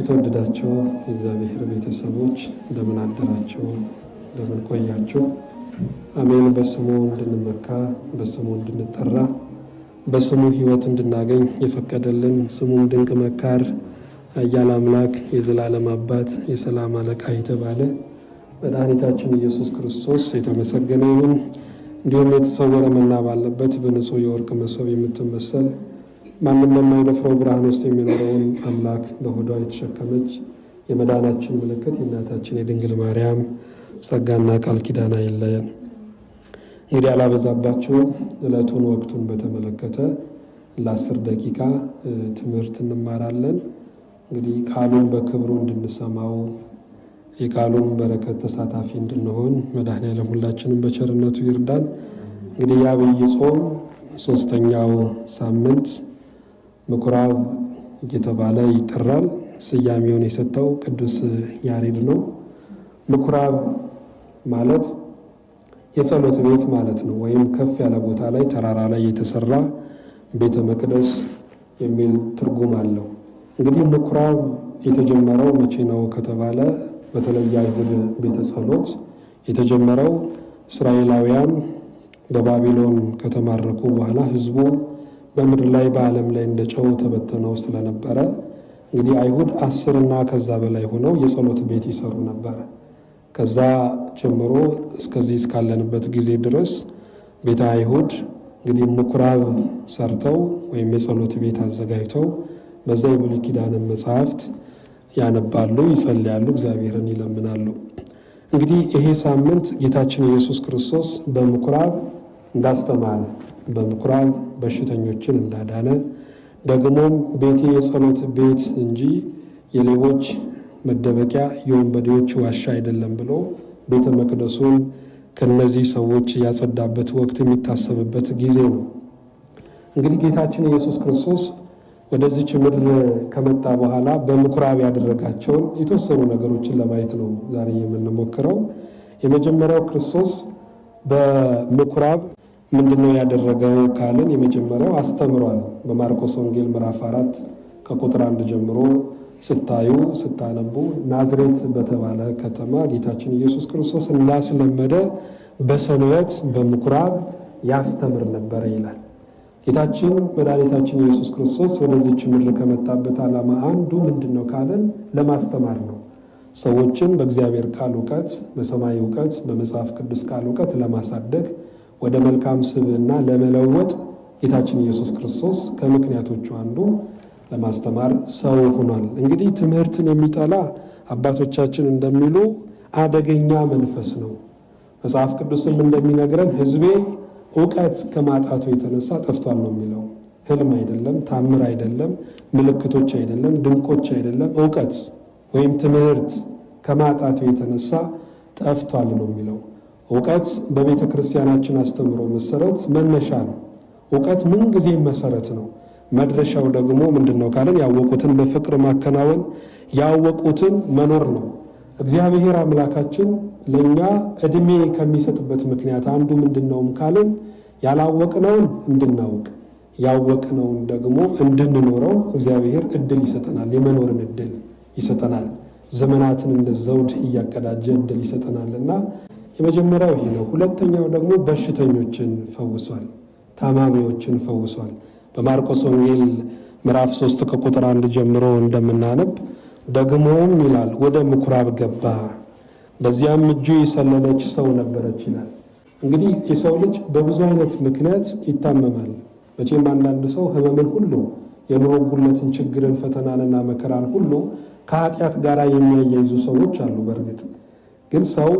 የተወደዳችሁ የእግዚአብሔር ቤተሰቦች እንደምን አደራችሁ? እንደምን ቆያችሁ? አሜን። በስሙ እንድንመካ በስሙ እንድንጠራ በስሙ ሕይወት እንድናገኝ የፈቀደልን ስሙም ድንቅ መካር አያል አምላክ የዘላለም አባት የሰላም አለቃ የተባለ መድኃኒታችን ኢየሱስ ክርስቶስ የተመሰገነ ይሁን። እንዲሁም የተሰወረ መና ባለበት በንጹሕ የወርቅ መሶብ የምትመሰል ማንም በማይደፍረው ብርሃን ውስጥ የሚኖረውን አምላክ በሆዷ የተሸከመች የመዳናችን ምልክት የእናታችን የድንግል ማርያም ጸጋና ቃል ኪዳን አይለየን። እንግዲህ አላበዛባቸው ዕለቱን ወቅቱን በተመለከተ ለአስር ደቂቃ ትምህርት እንማራለን። እንግዲህ ቃሉን በክብሩ እንድንሰማው የቃሉን በረከት ተሳታፊ እንድንሆን መድኃኔዓለም ሁላችንም በቸርነቱ ይርዳን። እንግዲህ የአብይ ጾም ሶስተኛው ሳምንት ምኩራብ እየተባለ ይጠራል። ስያሜውን የሰጠው ቅዱስ ያሬድ ነው። ምኩራብ ማለት የጸሎት ቤት ማለት ነው። ወይም ከፍ ያለ ቦታ ላይ ተራራ ላይ የተሰራ ቤተ መቅደስ የሚል ትርጉም አለው። እንግዲህ ምኩራብ የተጀመረው መቼ ነው ከተባለ በተለይ አይሁድ ቤተ ጸሎት የተጀመረው እስራኤላውያን በባቢሎን ከተማረኩ በኋላ ህዝቡ በምድር ላይ በዓለም ላይ እንደ ጨው ተበትነው ስለነበረ እንግዲህ አይሁድ አስርና ከዛ በላይ ሆነው የጸሎት ቤት ይሰሩ ነበረ። ከዛ ጀምሮ እስከዚህ እስካለንበት ጊዜ ድረስ ቤተ አይሁድ እንግዲህ ምኩራብ ሰርተው ወይም የጸሎት ቤት አዘጋጅተው በዛ የብሉይ ኪዳንን መጽሐፍት ያነባሉ፣ ይጸልያሉ፣ እግዚአብሔርን ይለምናሉ። እንግዲህ ይሄ ሳምንት ጌታችን ኢየሱስ ክርስቶስ በምኩራብ እንዳስተማረ በምኩራብ በሽተኞችን እንዳዳነ ደግሞም ቤቴ የጸሎት ቤት እንጂ የሌቦች መደበቂያ የወንበዴዎች ዋሻ አይደለም ብሎ ቤተ መቅደሱን ከነዚህ ሰዎች ያጸዳበት ወቅት የሚታሰብበት ጊዜ ነው። እንግዲህ ጌታችን ኢየሱስ ክርስቶስ ወደዚች ምድር ከመጣ በኋላ በምኩራብ ያደረጋቸውን የተወሰኑ ነገሮችን ለማየት ነው ዛሬ የምንሞክረው። የመጀመሪያው ክርስቶስ በምኩራብ ምንድነው ያደረገው ካልን የመጀመሪያው አስተምሯል። በማርቆስ ወንጌል ምዕራፍ አራት ከቁጥር አንድ ጀምሮ ስታዩ ስታነቡ ናዝሬት በተባለ ከተማ ጌታችን ኢየሱስ ክርስቶስ እንዳስለመደ በሰንበት በምኩራብ ያስተምር ነበረ ይላል። ጌታችን መድኃኒታችን ኢየሱስ ክርስቶስ ወደዚች ምድር ከመጣበት ዓላማ አንዱ ምንድን ነው ካልን ለማስተማር ነው። ሰዎችን በእግዚአብሔር ቃል እውቀት፣ በሰማይ እውቀት፣ በመጽሐፍ ቅዱስ ቃል እውቀት ለማሳደግ ወደ መልካም ስብዕና ለመለወጥ ጌታችን ኢየሱስ ክርስቶስ ከምክንያቶቹ አንዱ ለማስተማር ሰው ሆኗል። እንግዲህ ትምህርትን የሚጠላ አባቶቻችን እንደሚሉ አደገኛ መንፈስ ነው። መጽሐፍ ቅዱስም እንደሚነግረን ሕዝቤ እውቀት ከማጣቱ የተነሳ ጠፍቷል ነው የሚለው። ህልም አይደለም፣ ታምር አይደለም፣ ምልክቶች አይደለም፣ ድንቆች አይደለም። እውቀት ወይም ትምህርት ከማጣቱ የተነሳ ጠፍቷል ነው የሚለው። እውቀት በቤተ ክርስቲያናችን አስተምሮ መሰረት መነሻ ነው። እውቀት ምንጊዜም መሰረት ነው። መድረሻው ደግሞ ምንድን ነው ካለን ያወቁትን በፍቅር ማከናወን ያወቁትን መኖር ነው። እግዚአብሔር አምላካችን ለእኛ ዕድሜ ከሚሰጥበት ምክንያት አንዱ ምንድነውም ካልን ያላወቅነውን እንድናውቅ ያወቅነውን ደግሞ እንድንኖረው እግዚአብሔር እድል ይሰጠናል። የመኖርን እድል ይሰጠናል። ዘመናትን እንደ ዘውድ እያቀዳጀ እድል ይሰጠናልና የመጀመሪያው ይህ ነው። ሁለተኛው ደግሞ በሽተኞችን ፈውሷል፣ ታማሚዎችን ፈውሷል። በማርቆስ ወንጌል ምዕራፍ ሶስት ከቁጥር አንድ ጀምሮ እንደምናነብ ደግሞም ይላል ወደ ምኩራብ ገባ፣ በዚያም እጁ የሰለለች ሰው ነበረች ይላል። እንግዲህ የሰው ልጅ በብዙ አይነት ምክንያት ይታመማል። መቼም አንዳንድ ሰው ህመምን ሁሉ የኑሮ ጉለትን፣ ችግርን፣ ፈተናንና መከራን ሁሉ ከኃጢአት ጋር የሚያያይዙ ሰዎች አሉ በእርግጥ ግን ሰው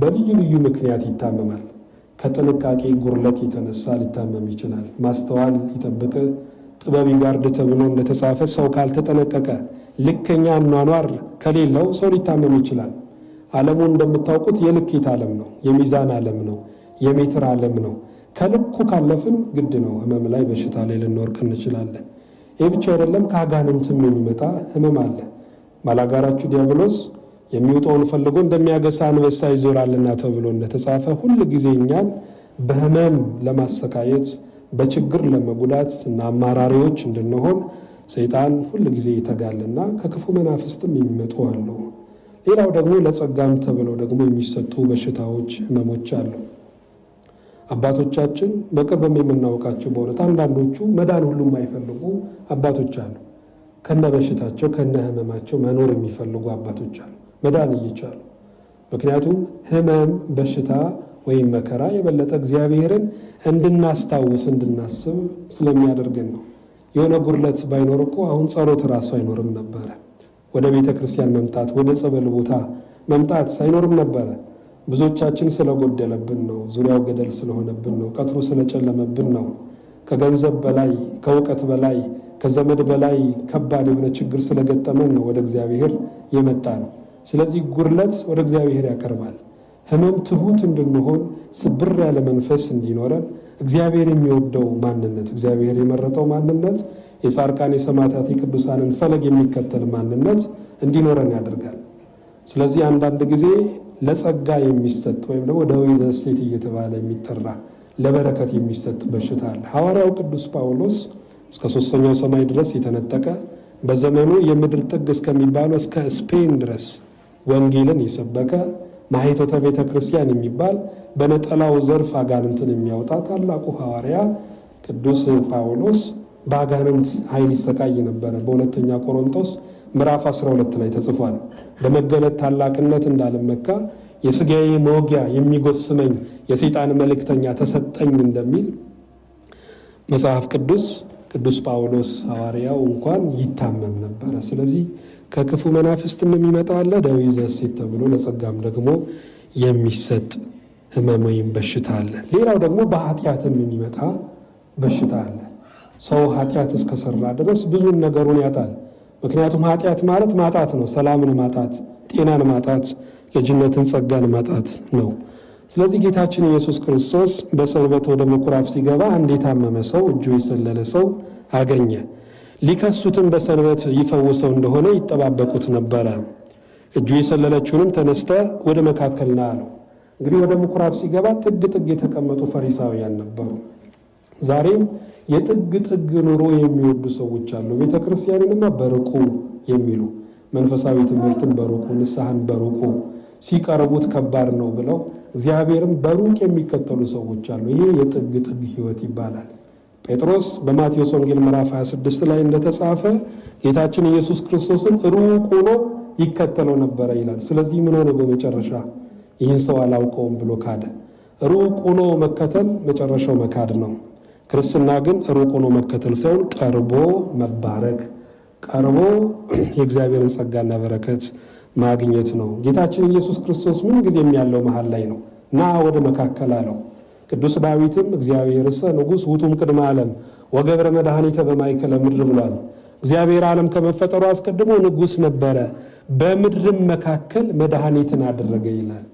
በልዩ ልዩ ምክንያት ይታመማል። ከጥንቃቄ ጉርለት የተነሳ ሊታመም ይችላል። ማስተዋል ይጠብቅ፣ ጥበብ ይጋርድ ተብሎ እንደተጻፈ ሰው ካልተጠነቀቀ፣ ልከኛ አኗኗር ከሌለው ሰው ሊታመም ይችላል። ዓለሙ እንደምታውቁት የልኬት ዓለም ነው፣ የሚዛን ዓለም ነው፣ የሜትር ዓለም ነው። ከልኩ ካለፍን ግድ ነው ህመም ላይ በሽታ ላይ ልንወርቅ እንችላለን። ይህ ብቻ አይደለም፣ ከአጋንንትም የሚመጣ ህመም አለ። ማላጋራችሁ ዲያብሎስ የሚውጠውን ፈልጎ እንደሚያገሳ አንበሳ ይዞራልና ተብሎ እንደተጻፈ ሁል ጊዜ እኛን በህመም ለማሰቃየት በችግር ለመጉዳት እና አማራሪዎች እንድንሆን ሰይጣን ሁል ጊዜ ይተጋልና ከክፉ መናፍስትም የሚመጡ አሉ። ሌላው ደግሞ ለጸጋም ተብለው ደግሞ የሚሰጡ በሽታዎች፣ ህመሞች አሉ። አባቶቻችን በቅርብም የምናውቃቸው በእውነት አንዳንዶቹ መዳን ሁሉም የማይፈልጉ አባቶች አሉ። ከነ በሽታቸው ከነ ህመማቸው መኖር የሚፈልጉ አባቶች አሉ። መዳን እየቻሉ ምክንያቱም ህመም፣ በሽታ ወይም መከራ የበለጠ እግዚአብሔርን እንድናስታውስ እንድናስብ ስለሚያደርግን ነው። የሆነ ጉድለት ባይኖር እኮ አሁን ጸሎት ራሱ አይኖርም ነበረ። ወደ ቤተ ክርስቲያን መምጣት፣ ወደ ጸበል ቦታ መምጣት አይኖርም ነበረ። ብዙዎቻችን ስለጎደለብን ነው። ዙሪያው ገደል ስለሆነብን ነው። ቀትሩ ስለጨለመብን ነው። ከገንዘብ በላይ ከእውቀት በላይ ከዘመድ በላይ ከባድ የሆነ ችግር ስለገጠመን ነው ወደ እግዚአብሔር የመጣ ነው። ስለዚህ ጉድለት ወደ እግዚአብሔር ያቀርባል። ህመም ትሁት እንድንሆን ስብር ያለ መንፈስ እንዲኖረን እግዚአብሔር የሚወደው ማንነት እግዚአብሔር የመረጠው ማንነት የጻድቃን የሰማዕታት የቅዱሳንን ፈለግ የሚከተል ማንነት እንዲኖረን ያደርጋል። ስለዚህ አንዳንድ ጊዜ ለጸጋ የሚሰጥ ወይም ደግሞ ደዌ ዘሴት እየተባለ የሚጠራ ለበረከት የሚሰጥ በሽታ አለ። ሐዋርያው ቅዱስ ጳውሎስ እስከ ሶስተኛው ሰማይ ድረስ የተነጠቀ በዘመኑ የምድር ጥግ እስከሚባለው እስከ ስፔን ድረስ ወንጌልን የሰበከ ማኅቶተ ቤተ ክርስቲያን የሚባል በነጠላው ዘርፍ አጋንንትን የሚያወጣ ታላቁ ሐዋርያ ቅዱስ ጳውሎስ በአጋንንት ኃይል ይሰቃይ ነበረ። በሁለተኛ ቆሮንቶስ ምዕራፍ 12 ላይ ተጽፏል። በመገለጥ ታላቅነት እንዳልመካ የስጋዬ መወጊያ የሚጎስመኝ የሰይጣን መልእክተኛ ተሰጠኝ እንደሚል መጽሐፍ ቅዱስ ቅዱስ ጳውሎስ ሐዋርያው እንኳን ይታመም ነበረ። ስለዚህ ከክፉ መናፍስትም የሚመጣ አለ ደዌ ዘሴት ተብሎ ለጸጋም ደግሞ የሚሰጥ ህመም ወይም በሽታ አለ። ሌላው ደግሞ በኃጢአትም የሚመጣ በሽታ አለ። ሰው ኃጢአት እስከሰራ ድረስ ብዙን ነገሩን ያጣል። ምክንያቱም ኃጢአት ማለት ማጣት ነው። ሰላምን ማጣት፣ ጤናን ማጣት፣ ልጅነትን፣ ጸጋን ማጣት ነው። ስለዚህ ጌታችን ኢየሱስ ክርስቶስ በሰንበት ወደ ምኩራብ ሲገባ አንድ የታመመ ሰው እጁ የሰለለ ሰው አገኘ። ሊከሱትም በሰንበት ይፈውሰው እንደሆነ ይጠባበቁት ነበረ። እጁ የሰለለችውንም ተነስተ ወደ ና አለው። እንግዲህ ወደ ምኩራብ ሲገባ ጥግ ጥግ የተቀመጡ ፈሪሳውያን ነበሩ። ዛሬም የጥግ ጥግ ኑሮ የሚወዱ ሰዎች አሉ። ቤተ ክርስቲያንንማ በርቁ የሚሉ መንፈሳዊ ትምህርትን በሩቁ ንስሐን በሩቁ ሲቀርቡት ከባድ ነው ብለው እግዚአብሔርም በሩቅ የሚከተሉ ሰዎች አሉ። ይሄ የጥግ ጥግ ህይወት ይባላል። ጴጥሮስ በማቴዎስ ወንጌል ምዕራፍ 26 ላይ እንደተጻፈ ጌታችን ኢየሱስ ክርስቶስን ሩቅ ሆኖ ይከተለው ነበረ ይላል። ስለዚህ ምን ሆነ? በመጨረሻ ይህን ሰው አላውቀውም ብሎ ካደ። ሩቅ ሆኖ መከተል መጨረሻው መካድ ነው። ክርስትና ግን ሩቅ ሆኖ መከተል ሳይሆን ቀርቦ መባረክ፣ ቀርቦ የእግዚአብሔርን ጸጋና በረከት ማግኘት ነው። ጌታችን ኢየሱስ ክርስቶስ ምን ጊዜም ያለው መሀል ላይ ነው። ና ወደ መካከል አለው። ቅዱስ ዳዊትም እግዚአብሔር እሰ ንጉሥ ውቱም ቅድመ ዓለም ወገብረ መድኃኒተ በማይከለ ምድር ብሏል። እግዚአብሔር ዓለም ከመፈጠሩ አስቀድሞ ንጉሥ ነበረ፣ በምድርም መካከል መድኃኒትን አደረገ ይላል።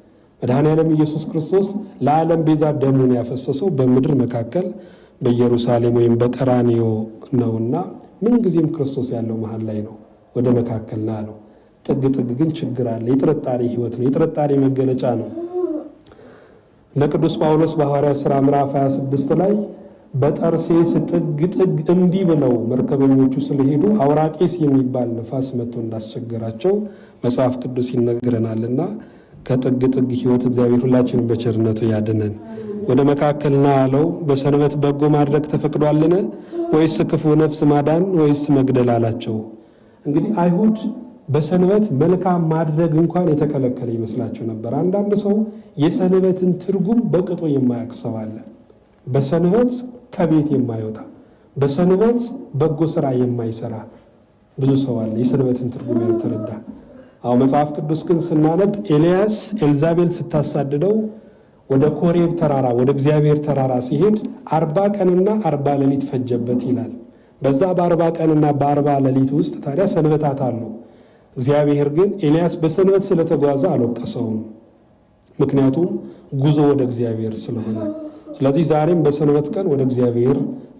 መድኃኔ ዓለም ኢየሱስ ክርስቶስ ለዓለም ቤዛ ደሙን ያፈሰሰው በምድር መካከል በኢየሩሳሌም ወይም በቀራኒዮ ነውና ምንጊዜም ክርስቶስ ያለው መሀል ላይ ነው፣ ወደ መካከል ና ነው። ጥግ ጥግ ግን ችግር አለ። የጥርጣሬ ህይወት ነው። የጥርጣሬ መገለጫ ነው። ለቅዱስ ጳውሎስ በሐዋርያ ሥራ ምዕራፍ 26 ላይ በጠርሴስ ጥግ ጥግ እምቢ ብለው መርከበኞቹ ስለሄዱ አውራቄስ የሚባል ነፋስ መጥቶ እንዳስቸገራቸው መጽሐፍ ቅዱስ ይነግረናልና ከጥግ ጥግ ሕይወት እግዚአብሔር ሁላችንም በቸርነቱ ያድነን። ወደ መካከልና አለው። በሰንበት በጎ ማድረግ ተፈቅዷልን? ወይስ ክፉ ነፍስ ማዳን ወይስ መግደል አላቸው። እንግዲህ አይሁድ በሰንበት መልካም ማድረግ እንኳን የተከለከለ ይመስላቸው ነበር። አንዳንድ ሰው የሰንበትን ትርጉም በቅጡ የማያውቅ ሰው አለ። በሰንበት ከቤት የማይወጣ በሰንበት በጎ ስራ የማይሰራ ብዙ ሰው አለ፣ የሰንበትን ትርጉም ያልተረዳ። አሁ መጽሐፍ ቅዱስ ግን ስናነብ ኤልያስ ኤልዛቤል ስታሳድደው ወደ ኮሬብ ተራራ ወደ እግዚአብሔር ተራራ ሲሄድ አርባ ቀንና አርባ ሌሊት ፈጀበት ይላል። በዛ በአርባ ቀንና በአርባ ሌሊት ውስጥ ታዲያ ሰንበታት አሉ። እግዚአብሔር ግን ኤልያስ በሰንበት ስለተጓዘ አልወቀሰውም፣ ምክንያቱም ጉዞ ወደ እግዚአብሔር ስለሆነ። ስለዚህ ዛሬም በሰንበት ቀን ወደ እግዚአብሔር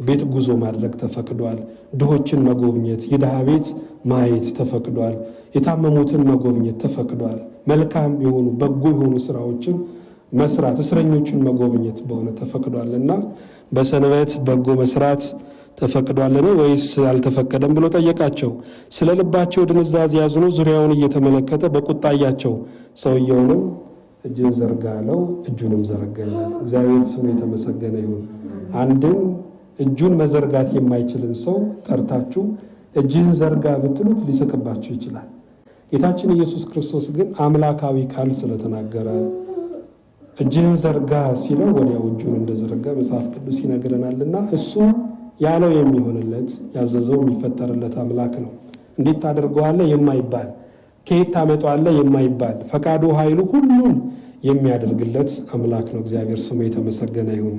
ቤት ጉዞ ማድረግ ተፈቅዷል። ድሆችን መጎብኘት፣ የድሃ ቤት ማየት ተፈቅዷል። የታመሙትን መጎብኘት ተፈቅዷል። መልካም የሆኑ በጎ የሆኑ ስራዎችን መስራት፣ እስረኞችን መጎብኘት በሆነ ተፈቅዷል እና በሰንበት በጎ መስራት ተፈቅዷልን ወይስ አልተፈቀደም ብሎ ጠየቃቸው። ስለ ልባቸው ድንዛዝ ያዝኑ ዙሪያውን እየተመለከተ በቁጣያቸው ሰውየውንም እጅን ዘርጋ አለው። እጁንም ዘረጋ ይላል። እግዚአብሔር ስሙ የተመሰገነ ይሁን። አንድን እጁን መዘርጋት የማይችልን ሰው ጠርታችሁ እጅህን ዘርጋ ብትሉት ሊስቅባችሁ ይችላል። ጌታችን ኢየሱስ ክርስቶስ ግን አምላካዊ ቃል ስለተናገረ እጅህን ዘርጋ ሲለው ወዲያው እጁን እንደዘረጋ መጽሐፍ ቅዱስ ይነግረናልና እሱም ያለው የሚሆንለት ያዘዘው የሚፈጠርለት አምላክ ነው። እንዴት ታደርገዋለህ የማይባል ከየት ታመጣዋለህ የማይባል ፈቃዱ ኃይሉ ሁሉን የሚያደርግለት አምላክ ነው። እግዚአብሔር ስሙ የተመሰገነ ይሁን።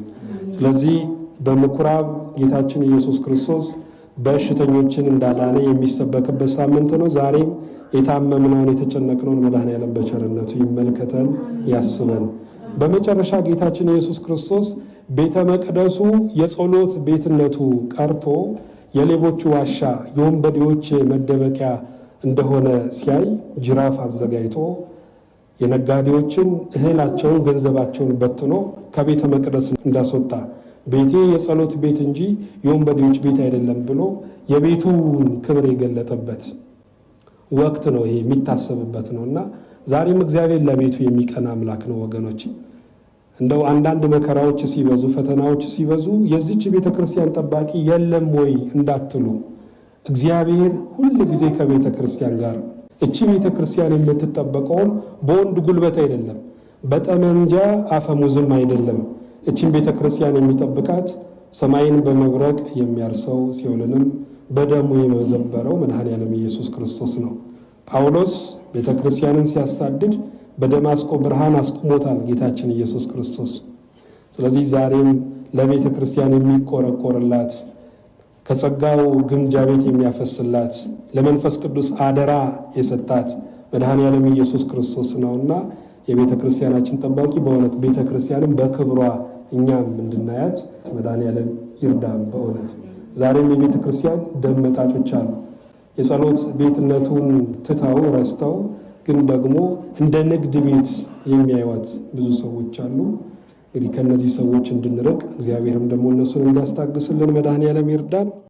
ስለዚህ በምኩራብ ጌታችን ኢየሱስ ክርስቶስ በሽተኞችን እንዳዳነ የሚሰበክበት ሳምንት ነው። ዛሬም የታመምነውን የተጨነቅነውን መድኃኔዓለም በቸርነቱ ይመልከተን፣ ያስበን። በመጨረሻ ጌታችን ኢየሱስ ክርስቶስ ቤተ መቅደሱ የጸሎት ቤትነቱ ቀርቶ የሌቦች ዋሻ፣ የወንበዴዎች መደበቂያ እንደሆነ ሲያይ ጅራፍ አዘጋጅቶ የነጋዴዎችን እህላቸውን ገንዘባቸውን በትኖ ከቤተ መቅደስ እንዳስወጣ ቤቴ የጸሎት ቤት እንጂ የወንበዴዎች ቤት አይደለም ብሎ የቤቱን ክብር የገለጠበት ወቅት ነው። ይሄ የሚታሰብበት ነው እና ዛሬም እግዚአብሔር ለቤቱ የሚቀና አምላክ ነው ወገኖች። እንደው አንዳንድ መከራዎች ሲበዙ፣ ፈተናዎች ሲበዙ የዚች ቤተ ክርስቲያን ጠባቂ የለም ወይ እንዳትሉ፣ እግዚአብሔር ሁል ጊዜ ከቤተ ክርስቲያን ጋር። እቺ ቤተ ክርስቲያን የምትጠበቀውም በወንድ ጉልበት አይደለም፣ በጠመንጃ አፈሙዝም አይደለም። እቺን ቤተ ክርስቲያን የሚጠብቃት ሰማይን በመብረቅ የሚያርሰው ሲኦልንም በደሙ የመዘበረው መድኃኔ ዓለም ኢየሱስ ክርስቶስ ነው። ጳውሎስ ቤተ ክርስቲያንን ሲያሳድድ በደማስቆ ብርሃን አስቆሞታል ጌታችን ኢየሱስ ክርስቶስ። ስለዚህ ዛሬም ለቤተ ክርስቲያን የሚቆረቆርላት ከጸጋው ግምጃ ቤት የሚያፈስላት ለመንፈስ ቅዱስ አደራ የሰጣት መድሃን ያለም ኢየሱስ ክርስቶስ ነውና የቤተ ክርስቲያናችን ጠባቂ በእውነት ቤተ ክርስቲያንም በክብሯ እኛም እንድናያት መድኃኔ ያለም ይርዳም። በእውነት ዛሬም የቤተ ክርስቲያን ደም መጣጮች አሉ። የጸሎት ቤትነቱን ትተው ረስተው ግን ደግሞ እንደ ንግድ ቤት የሚያዩት ብዙ ሰዎች አሉ። እንግዲህ ከእነዚህ ሰዎች እንድንርቅ እግዚአብሔርም ደግሞ እነሱን እንዲያስታግስልን መድኃኔዓለም ይርዳን።